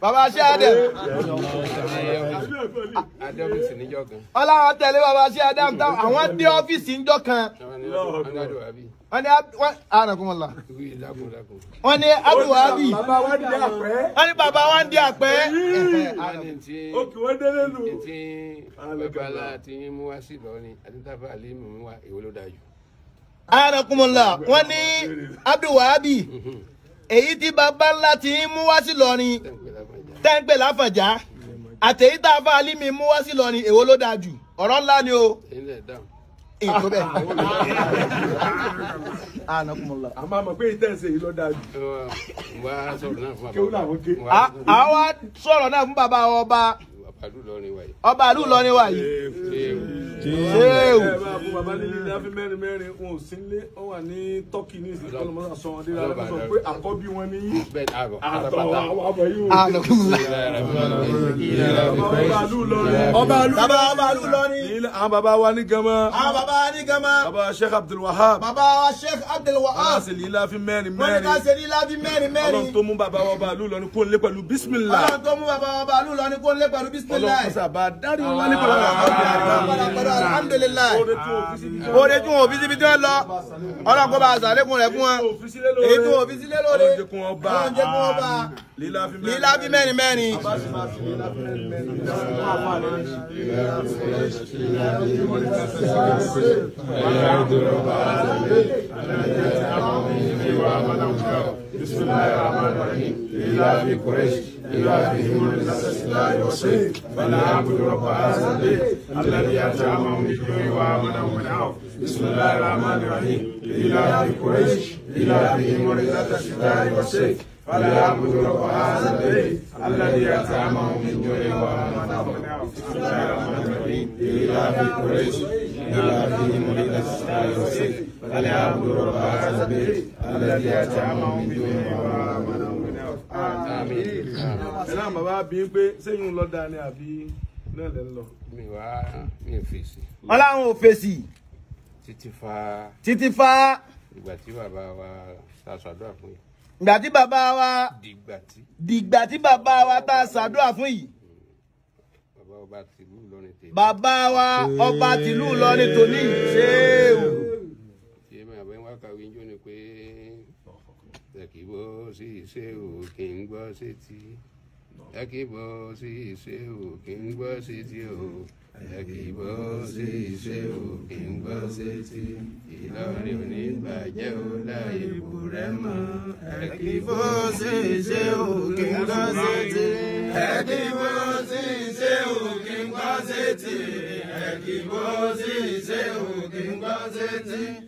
baba ṣáàdẹ. ọlọ́run tẹ̀lé baba ṣáàdẹ àwọn dé ọ́fíìsì ńjọ kan. wọ́n ní anagunmọ̀lá. wọ́n ní abdulhabi. wọ́n ní baba wa ń di àpẹ́. òkè wọ́n délé lu. etí babalá ti mú wá sí Ìlọrin àti tábà àlè mú wá èwo ló dáa jù. anagunmọ̀lá wọ́n ní abdulhabi. Mhm. èyí tí bàbá ńlá ti ń mú wá sí lọrin tẹ́ńpẹ̀ láfàjá àtẹ̀yí tá a fa alímì mú wá sí lọrin èwo ló dáa jù ọ̀rọ̀ ńlá ni o. èkó sọ̀rọ̀ náà fún bàbá wa. ọba. ọba àlú lọrin wa yìí. ṣéèwù. ẹ bá fún bàbá nílé ní afi mẹ́rin mẹ́rin wọn ò sí nílé wọn wà ní tọ́kì ní ìsìnkú ọlọmọdé àsọ wọn délé alẹ́ sọ pé àkọ́bí wọn ní àtọ̀ àwọ̀ yìí. ọba àlú lọrin. ọba àlú lọrin. àwọn bàbá wa ní gama. àwọn bàbá wa ní gama. bàbá sheikh abdul wahab. bàbá wa sheikh abdul wahab. wọn kà sí mẹ́rin mẹ́rin. wọn kà sí mẹ́rin mẹ́rin. ọlọ́run tó mú bàbá wa ọba àlú lọrin kó n lé pẹ̀lú bismillah. ọlọ́run tó mú bàbá wa ọba àlú lọrin kó n lé pẹ̀lú bismillah alhamdulilayi ọlọmọsàbà dárí wọn wálé padà padà alhamdulilayi òde tún òfin síbi tí wọn lọ ọlọ́kọ́ bá àṣàlékún rẹ̀ fún wọn èyí tún òfin sílé lórí ọlọ́jẹkùn ọba lílá fi mẹ́rin mẹ́rin. Thank you. بسم الله الرحمن الرحيم لإلاف قريش إلافهم الناس إلى وصيف فليعبدوا رب هذا البيت الذي أطعمهم من جوع وآمنهم من عوف بسم الله الرحمن الرحيم لإلاف قريش إلافهم الناس إلى وصيف فليعبدوا رب هذا البيت الذي أطعمهم من جوع وآمنهم من عوف بسم الله الرحمن الرحيم لإلاف قريش إلافهم الناس إلى وصيف فليعبدوا رب هذا البيت الذي أطعمهم من جوع وآمنهم من خوف سلام bàbá ò fèsì. títí fa. títí fa. ìgbà tí bàbá wa ta ṣàdúrà fún yìí. wa. dìgbà tí. dìgbà tí bàbá wa ta ṣàdúrà fún yìí bàbá wa ọba tìlú Ìlọrin tòní ṣéèwù àbí wá kàwé ń jó ni pé ẹ kì í bọ́ sí ìṣe ò kì í gbọ́ sétí ẹ kì í bọ́ sí ìṣe ò kì í gbọ́ sétí ò ẹ kì í bọ́ sí ìṣe ò kì í gbọ́ sétí Ìlọrin onígbàjẹ́ ò láyé ìbúrẹ́ mọ́ ẹ kì í bọ́ sí ìṣe ò kì í gbọ́ sétí ẹ kì í bọ́ sí ìṣe ò kì í gbọ́ sétí ẹ kì í bọ́ sí ìṣe ò kì í gbọ́ sétí.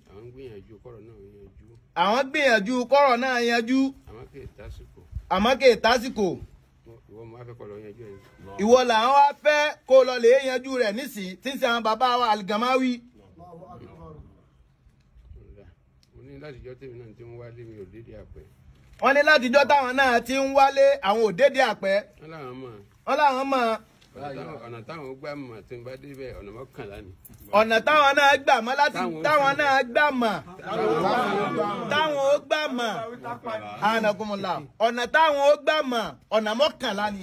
gbìyànjú kọ́rọ̀ náà yanjú. àwọn gbìyànjú kọ́rọ̀ náà yanjú. àmọ́ kì í tásìkò. àmọ́ kì í tásìkò. ìwọ mo wá fẹ́ kó lọ yanjú ẹ̀. ìwọ làwọn wá fẹ́ kó lọ lè yanjú rẹ̀ nísìnyí tí ń ṣe àwọn bàbá wa àlìgàmáwí. wọ́n ní látijọ́ tèmi náà ti ń wálé mi ò dédé wọ́n ní látijọ́ táwọn náà ti ń wálé àwọn òdédé àpẹ́. wọ́n mọ̀. wọ́n mọ̀ ọ̀nà táwọn gbà mọ̀ tí n bá débẹ̀ ọ̀nà mọ́kànlá ni. ọ̀nà táwọn náà gbà mọ́ láti táwọn náà gbà mọ́ táwọn ó gbà mọ́ ànàkùnmọ̀lá ọ̀nà táwọn ó gbà mọ́ ọ̀nà mọ́kànlá ni.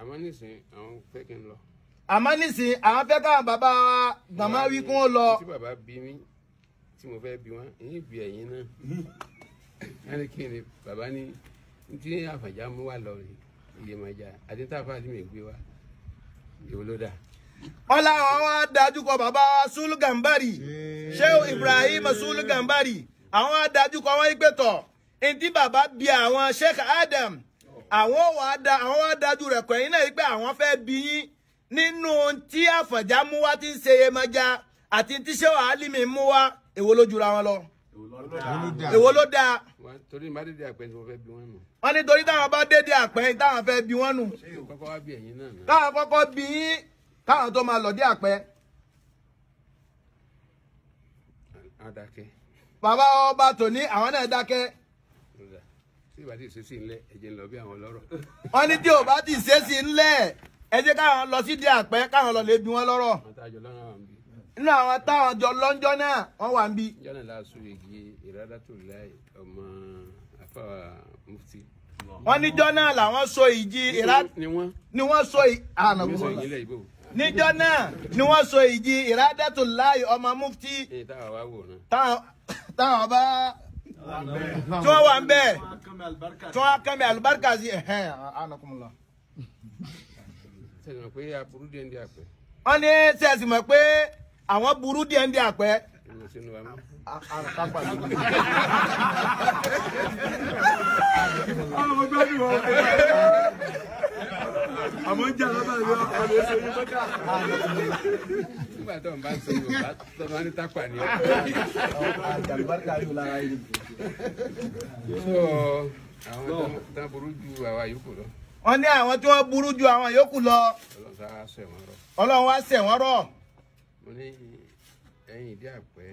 àmọ́ nísìnyí àwọn fẹ́ kí n lọ. àmọ́ nísìnyí àwọn fẹ́ káwọn bàbá gbàmọ́ wí kún ó lọ. tí bàbá bí mi tí mo fẹ́ bí wọn èyí bí ẹ̀yin náà. ẹni kí ni bàbá ní tí àfàjà mú wà lọ rèé. Yemọja àdíntáfà àti mègbé wa èwo ló dáa. wọ́n láwọn wá bàbá Sùlù Gàmbàrì Shehu Ibrahim Sùlù Gàmbàrì àwọn wá dájúkọ wọn yí pé tọ̀ ntí bàbá bí àwọn Sheikh Adam àwọn wá da àwọn wá dájú rẹ̀ kọ̀ yín náà yí pé àwọn fẹ́ bí yín nínú tí Àfọ̀njá mú wá ti ń ṣe Yemọja àti tí Shehu Alimi mú wá èwo ló jura wọn lọ èwo ló dáa. torí màdìdí àpẹẹrẹ tí mo bí wọ́n mọ̀ wọ́n ní torí táwọn bá dédé àpẹ́ táwọn fẹ́ bí wọ́n nù táwọn kọ́kọ́ bí yín káwọn tó máa lọ dé àpẹ́. bàbá ọba tòní àwọn náà dákẹ́ tí ò bá ti ṣèṣì ńlẹ ẹ jẹ́ lọ bí àwọn lọ́rọ̀. wọ́n ní tí ò bá ti ṣèṣì ńlẹ ẹ jẹ́ káwọn lọ sídìí àpẹ́ káwọn lọ lè bí wọn lọ́rọ̀. nínú àwọn táwọn jọ lọ́njọ́ náà wọ́n wà ń bí mufti. wọ́n níjọ́ náà làwọn so ìjì ìrá ni so àná gbogbo níjọ́ náà ni wọ́n so ìjì ìrádẹ́tùláì ọmọ mufti. táwọn bá tí wọ́n wà ń bẹ̀ tí wọ́n kàn mí àlùbáríkà sí ẹ̀hẹ́n ànàkùnmùlà. wọ́n ní sẹ́ẹ̀sì mọ̀ pé àwọn burú díẹ̀ ń di àpẹ́. àmọ́ ń jà lábàá yọ ọ̀rẹ́ ṣe yí bọ́tà. nígbà tó ń bá ṣe yorùbá tó máa ń tápà ni. so àwọn tó ń burú ju àwa yòókù lọ wọ́n ní àwọn tí wọ́n burú ju àwọn yòókù lọ. ọlọ́run wá ṣẹ̀ wọ́n rọ̀. ọlọ́run wá ṣẹ̀ wọ́n mo ní ẹ̀yìn ìdí àpẹ́.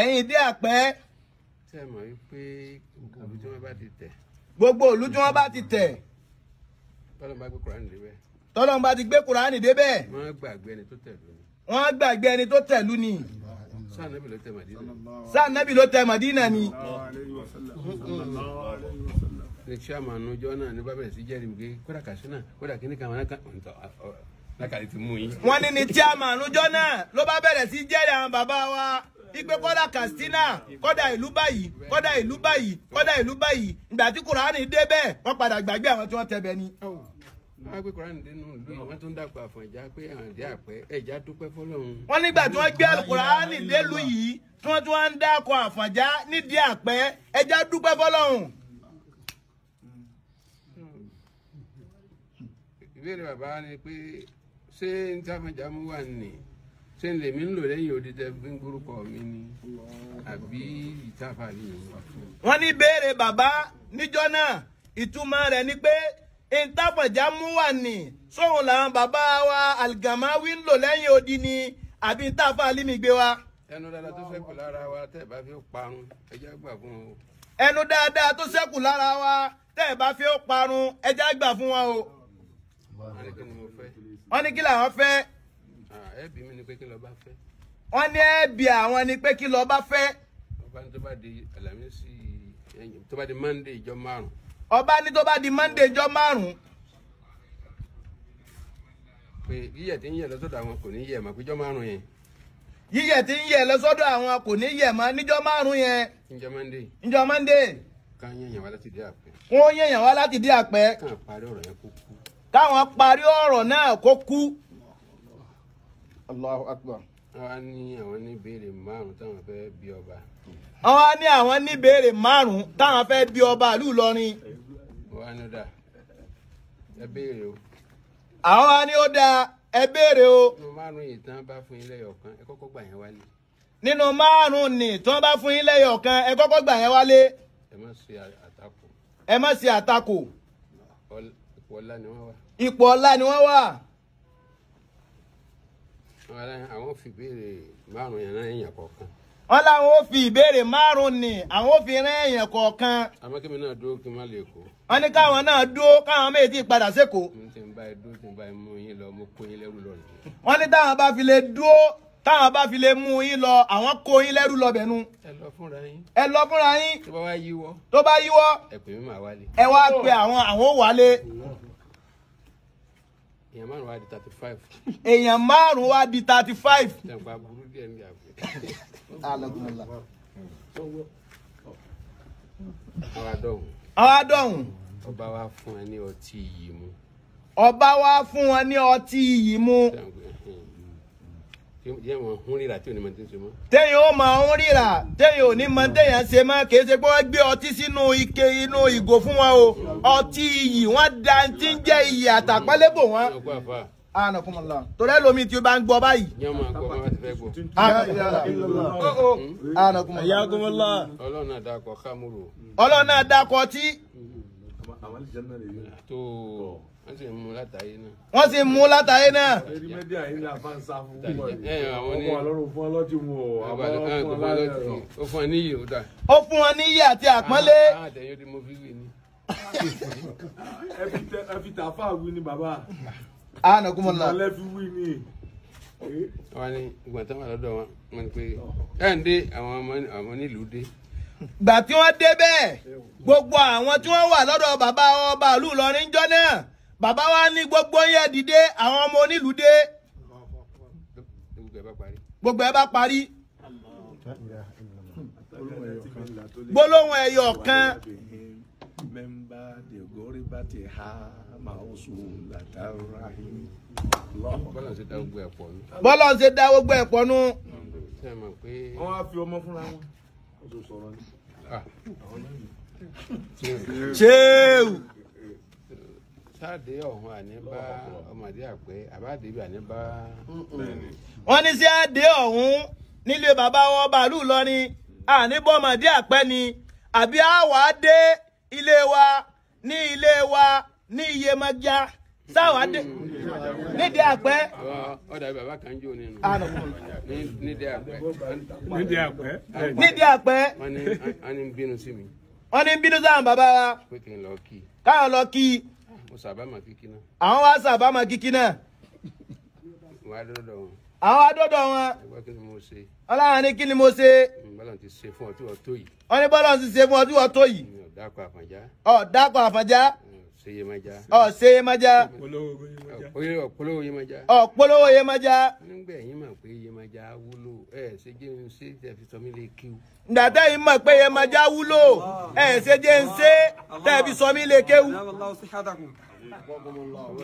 ẹ̀yìn ìdí àpẹ́. tí ẹ mọ̀ wípé gbogbo òlu tí wọ́n bá ti tẹ̀. gbogbo òlu tí wọ́n bá ti tẹ̀. tọ́lọ́n bá gbé kuraani débẹ̀. tọ́lọ́n bá ti gbé kuraani débẹ̀. wọ́n gbàgbé ẹni tó tẹ̀lú ni. wọ́n gbàgbé ẹni tó tẹ̀lú ni. sáà nẹ́bì ló tẹ Màdínà ni. sáà nẹ́bì ló tẹ Màdínà ni ní chairman ọjọ́ náà ní bá bẹ̀rẹ̀ sí jẹ́rìí mi pé kódà kàṣínà kódà kíní kan wọn kan lákàtí ti mú yín. wọ́n ní ní chairman ọjọ́ náà ló bá bẹ̀rẹ̀ sí jẹ́rìí àwọn bàbá wa ipe kódà Katsina kódà ìlú báyìí kódà ìlú báyìí kódà ìlú báyìí ìgbà tí kùránì dé bẹ́ẹ̀ wọ́n padà gbàgbé àwọn tí wọ́n tẹ̀ bẹ́ẹ̀ ni. wọ́n á gbé kùránì dénú ìlú yìí wọ́n tún dàgbà fún ẹ̀já pé àǹdí àpẹ́ ẹ̀já dúpẹ́ fọlọ́run. wọ́n nígbà tí wọ́n gbé kùránì délùú yìí tí wọ́n tún wá ń dákọ̀ àfọ̀njá nídìí àpẹ́ ẹ̀já dúpẹ́ fọlọ́run. ìbéèrè bàbá ni pé ṣé n táfàjámú wà ní ṣé n lèmi ń lò lẹ́yìn odi tẹ mi ni àbí ìtafà ni mo wà fún. wọ́n ní béèrè bàbá níjọ́ náà ìtumọ̀ rẹ̀ ni pé n táfàjámú wà ní sóhun làwọn bàbá wa àlìgàmáwí ń lò lẹ́yìn odi ni àbí táfà límì gbé wa. ẹnu dáadáa tó fẹ́ kù lára wa tẹ́ ẹ bá fi parun ẹjẹ́ àgbà fún o. ẹnu dáadáa tó sẹ́kù lára wa tẹ́ ẹ bá fi parun ẹjẹ́ àgbà fún wa o wọ́n ní kí làwọn fẹ́. ẹbí mi ni pé kí lọ bá fẹ́. wọ́n ní ẹbí àwọn ni pé kí lọ bá fẹ́. ọba ní tó bá di Àlàmísì tó bá di mọ́ndé ìjọ márùn. ọba ní tó bá di mọ́ndé ìjọ márùn. pé yíyẹ tí ń yẹ lọ́sọ̀dọ̀ àwọn kò ní yẹ mọ́ péjọ márùn yẹn. yíyẹ tí ń yẹ lọ́sọ̀dọ̀ àwọn kò ní yẹ mọ́ níjọ márùn yẹn. níjọ mọ́ndé. níjọ mọ́ndé. kàn yẹ̀yàn wá láti dé àpẹ́. kàn yẹ̀yàn wá láti dé àpẹ́. kàn parí ọ̀rọ̀ yẹn kú káwọn parí ọrọ náà kó kú. Allahu Akbar. wọ́n ní àwọn ní ìbéèrè márùn-ún táwọn fẹ bí ọba. wọ́n ní àwọn ní ìbéèrè márùn-ún táwọn fẹ bí ọba ìlú Ìlọrin. wọ́n ní ó dáa ẹ béèrè o. àwọn á ní ó dáa ẹ béèrè o. nínú márùn-ún yìí tán bá fún yín lẹ́yọ̀kan ẹ kọ́kọ́ gbà yẹn wálé. nínú márùn ni tán bá fún yín lẹ́yọ̀kan ẹ kọ́kọ́ gbà yẹn wálé. ẹ má ṣe àtakò. ẹ má ṣe àtakò. ọlá ni wọ́n wà. ipò ọlá ni wọ́n wà. àwọn fi ìbéèrè márùn yẹn rán èèyàn kọ̀ọ̀kan. wọ́n láwọn ó fi ìbéèrè márùn ni àwọn ó fi rán èèyàn kọ̀ọ̀kan. àmọ́ kí mi náà dúró kí n má lè kó. wọ́n ní káwọn náà dúró káwọn méjì ti padà sékòó. n ti bá ẹ dúró tí n bá ẹ mú yín lọ mo kó yín lẹ́rù lọ nìyẹn. wọ́n ní táwọn bá fi lè dúró táwọn bá fi lè mú yín lọ àwọn kó yín lẹ́rú lọ bẹ̀nu. ẹ lọ fúnra yín. ẹ lọ fúnra yín. tó bá yíwọ́. tó bá yíwọ́. ẹ pè mí màá wálé. ẹ wá pe àwọn àwọn ò wálé èèyàn márùn wá di thirty five. èèyàn márùn wá di thirty five. jàǹfà burú díẹ̀ ní àgbẹ̀. àwa dọ̀hùn. àwa dọ̀hùn. ọba wa fún ẹ ní ọtí iyì mu. ọba wa fún ẹ ní ọtí iyì mu. jàǹfà yẹ wọn hún rírà tí ò ní mọ tí ń ṣe mọ. téèyàn ó máa hún rírà téèyàn ò ní mọ téèyàn ṣe mọ kì í ṣe pé wọ́n gbé ọtí sínú ike inú ìgò fún wọn o ọtí iyì wọ́n da ti ń jẹ́ iyì àtàpálẹ́ bò wọ́n anakumala torí ẹlòmí tí o bá ń gbọ́ báyìí. yẹn máa gbọ́ bá ti fẹ́ gbọ́. anakumala. Ah, oh, oh. hmm? ọlọ́run náà dákọ̀ kámúrò. ọlọ́run náà dákọ̀ tí àwọn àlìjẹ́nà lè yọ. tó wọ́n sì mú látàyé náà. wọ́n sì mú látàyé náà. eré mẹ́díà yìí ni àbá ń sá fún púpọ̀ yìí. ọkọ̀ àlọ́run fún ọlọ́tì wò ó. àbá fún ọlọ́tì wò ó fún ọ níyì ó dà. ó fún ọ níyì àti àpọ́nlé. àwọn ah, ah, àtẹ̀yìn tí mo fi wì ní. ẹ fi tà fáà wí ni bàbá. a nà kú mọ́ la. ìmọ̀lẹ́ fi wí ni. wọ́n ní ìgbà wà lọ́dọ̀ wọn wọ́n ní pé ẹ̀ ń dé àwọn ọmọ nílùú dé gbà tí wọ́n débẹ̀ gbogbo àwọn tí wọ́n wà lọ́dọ̀ bàbá ọba ìlú Ìlọrin jọ náà bàbá wa ní gbogbo yẹn dìde àwọn ọmọ onílùú dé gbogbo ẹ bá parí gbólóhùn ẹyọ kan member the glory but the bọ́lá ṣe ṣe dá gbogbo ẹ̀ pọ̀ wọ́n á fi ọmọ fúnra wọn. Chew. sáàdé ọ̀hún àní bá ọmọdé àpẹ àbáàdé bí àní bá. wọ́n ní sí àdé ọ̀hún nílé bàbá wọn ni lọ́rin àní bọ́mọdé àpẹ ni àbí àwa dé ilé wa ní ilé wa ní iyemọja sáwa dé nídìí àpẹ. ọ̀dà bàbá kan jó nínú. Ah, nídìí àpẹ. nídìí àpẹ. nídìí àpẹ. wọ́n ní ń bínú sí mi. wọ́n ní ń bínú sáwọn bàbá wa. pé kí n lọ kí. káwọn lọ kí. mo sàbámà kíkí náà. àwọn wa sàbámà kíkí náà. wàá dọ́dọ̀ wọn àwọn adọ́dọ̀ wọn. ẹgbẹ́ kí ni mo ṣe. ọlọ́run ní kí ni mo ṣe. bọ́lá ti ṣe fún ọ tí wọ́n tó yìí. wọ́n ní bọ́lá ti ṣe fún ọ Yemaja. ọ̀sẹ̀ Yemaja. ọ̀pọ̀lọwọ̀ Yemaja. ọ̀pọ̀lọwọ̀ Yemaja. nígbà yín mọ̀ pé Yemaja wúlò ẹ̀ ṣe jẹ́ ń ṣe tẹ̀fi sọ mí lè kéwú. dàtà yín mọ̀ pé Yemaja wúlò ẹ̀ ṣe jẹ́ ń ṣe tẹ̀fi sọ mí lè kéwú owó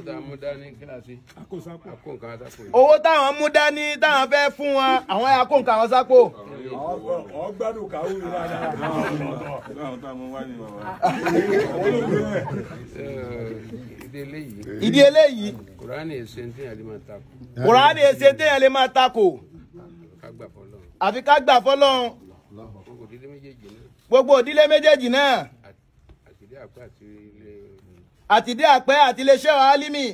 táwọn mú dání kíláàsì. àkó nǹkan sápò. owó táwọn mú dání táwọn fẹ́ fún wọn àwọn yà kó nǹkan wọn sápò. ọ̀ gbádùn kàwé rẹ̀ dáadáa. kùránì èsè ń téèyàn lè máa takò. kùránì èsè ń téèyàn lè máa takò. àfi ká gbà fọlọ́run. gbogbo òdílé méjèèjì náà. àtìrí àpá àti àti dé àpẹ́ àti iléeṣẹ́ wa alimi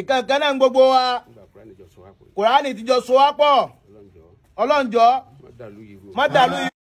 ìkankan náà gbogbo wa kùránì ti jọ so wá pọ̀ ọlọ́njọ́ má yìí.